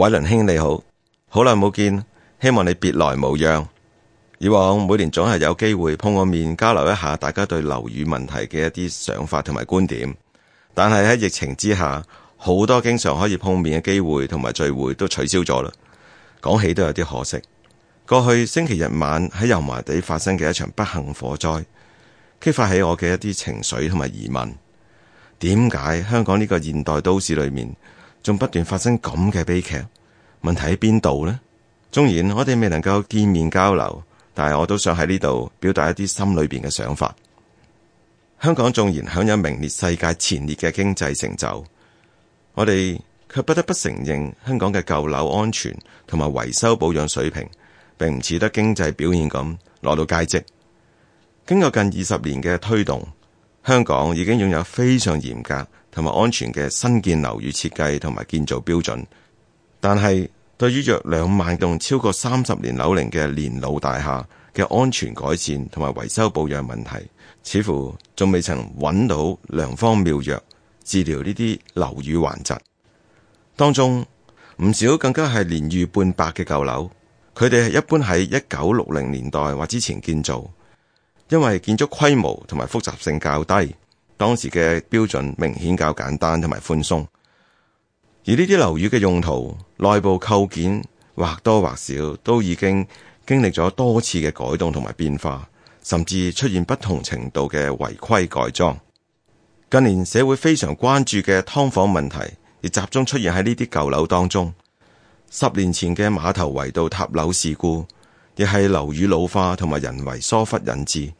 偉倫兄，你好，好耐冇見，希望你別來無恙。以往每年總係有機會碰個面，交流一下大家對樓宇問題嘅一啲想法同埋觀點。但係喺疫情之下，好多經常可以碰面嘅機會同埋聚會都取消咗啦。講起都有啲可惜。過去星期日晚喺油麻地發生嘅一場不幸火災，激發起我嘅一啲情緒同埋疑問：點解香港呢個現代都市裏面仲不斷發生咁嘅悲劇，問題喺邊度呢？縱然我哋未能夠見面交流，但係我都想喺呢度表達一啲心裏邊嘅想法。香港縱然享有名列世界前列嘅經濟成就，我哋卻不得不承認，香港嘅舊樓安全同埋維修保養水平，並唔似得經濟表現咁攞到佳績。經過近二十年嘅推動。香港已經擁有非常嚴格同埋安全嘅新建樓宇設計同埋建造標準，但係對於約兩萬棟超過三十年樓齡嘅年老大廈嘅安全改善同埋維修保養問題，似乎仲未曾揾到良方妙藥治療呢啲樓宇頑疾。當中唔少更加係年逾半百嘅舊樓，佢哋一般喺一九六零年代或之前建造。因為建築規模同埋複雜性較低，當時嘅標準明顯較簡單同埋寬鬆，而呢啲樓宇嘅用途、內部構件或多或少都已經經歷咗多次嘅改動同埋變化，甚至出現不同程度嘅違規改裝。近年社會非常關注嘅劏房問題，亦集中出現喺呢啲舊樓當中。十年前嘅馬頭圍道塌樓事故，亦係樓宇老化同埋人為疏忽引致，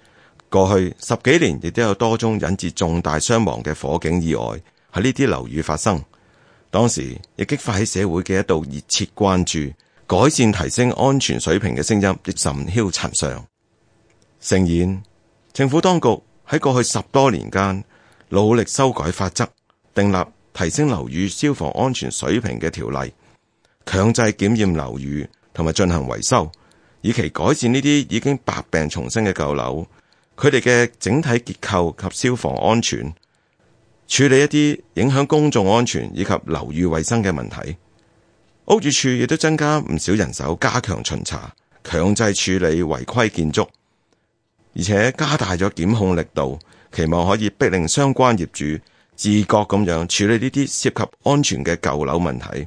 過去十幾年，亦都有多宗引致重大傷亡嘅火警意外喺呢啲樓宇發生。當時亦激發起社會嘅一度熱切關注，改善提升安全水平嘅聲音，亦甚囂塵上。誠然，政府當局喺過去十多年間努力修改法則，訂立提升樓宇消防安全水平嘅條例，強制檢驗樓宇同埋進行維修。以期改善呢啲已經百病叢生嘅舊樓，佢哋嘅整體結構及消防安全，處理一啲影響公眾安全以及樓宇衛生嘅問題。屋宇署亦都增加唔少人手，加強巡查，強制處理違規建築，而且加大咗檢控力度，期望可以逼令相關業主自覺咁樣處理呢啲涉及安全嘅舊樓問題。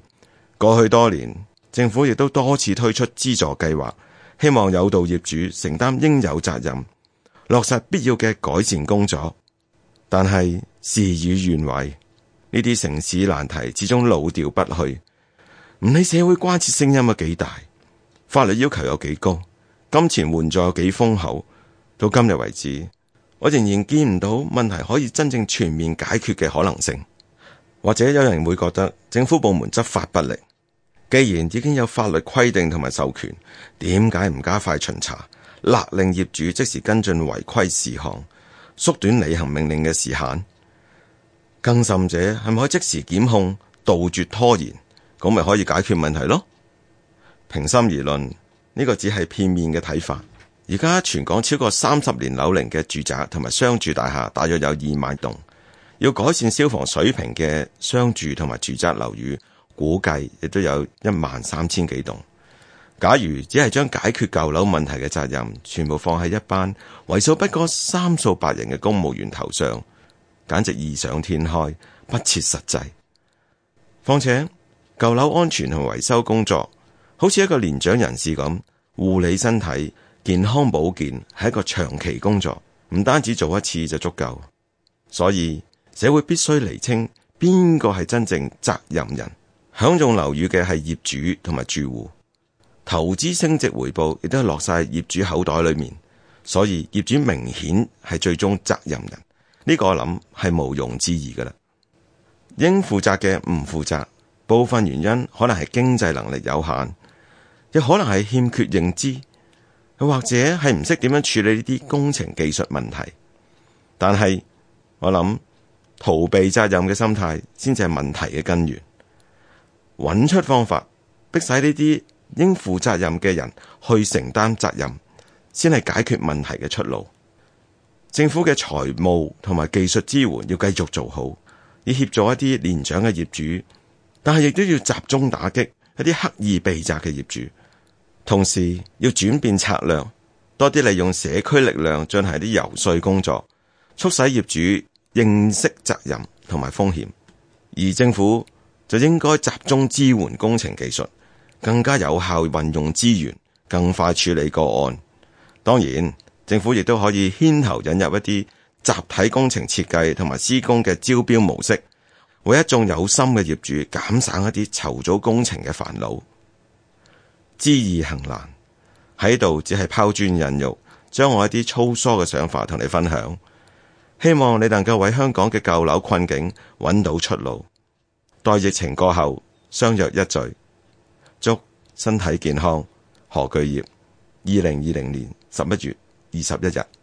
過去多年，政府亦都多次推出資助計劃。希望有道業主承擔應有責任，落實必要嘅改善工作。但係事與願違，呢啲城市難題始終老調不去。唔理社會關切聲音有幾大，法律要求有幾高，金錢援助有幾豐厚，到今日為止，我仍然見唔到問題可以真正全面解決嘅可能性。或者有人會覺得政府部門執法不力。既然已經有法律規定同埋授權，點解唔加快巡查、勒令業主即時跟進違規事項、縮短履行命令嘅時限？更甚者，係咪可以即時檢控、杜絕拖延？咁咪可以解決問題咯？平心而論，呢個只係片面嘅睇法。而家全港超過三十年樓齡嘅住宅同埋商住大廈，大約有二萬棟，要改善消防水平嘅商住同埋住宅樓宇。估計亦都有一萬三千幾棟。假如只係將解決舊樓問題嘅責任全部放喺一班為數不過三數百人嘅公務員頭上，簡直異想天開，不切實際。況且舊樓安全同維修工作，好似一個年長人士咁護理身體、健康保健係一個長期工作，唔單止做一次就足夠。所以社會必須釐清邊個係真正責任人。享用樓宇嘅係業主同埋住戶，投資升值回報亦都係落晒業主口袋裏面，所以業主明顯係最終責任人。呢個我諗係毋庸置疑噶啦。應負責嘅唔負責，部分原因可能係經濟能力有限，亦可能係欠缺認知，又或者係唔識點樣處理呢啲工程技術問題。但係我諗逃避責任嘅心態先至係問題嘅根源。揾出方法，逼使呢啲應負責任嘅人去承擔責任，先係解決問題嘅出路。政府嘅財務同埋技術支援要繼續做好，以協助一啲年長嘅業主，但係亦都要集中打擊一啲刻意避責嘅業主，同時要轉變策略，多啲利用社區力量進行啲遊說工作，促使業主認識責任同埋風險，而政府。就應該集中支援工程技術，更加有效運用資源，更快處理個案。當然，政府亦都可以牽頭引入一啲集體工程設計同埋施工嘅招標模式，為一眾有心嘅業主減省一啲籌組工程嘅煩惱。知易行難，喺度只係拋磚引玉，將我一啲粗疏嘅想法同你分享，希望你能夠為香港嘅舊樓困境揾到出路。待疫情過後相約一聚，祝身體健康。何鉅業，二零二零年十一月二十一日。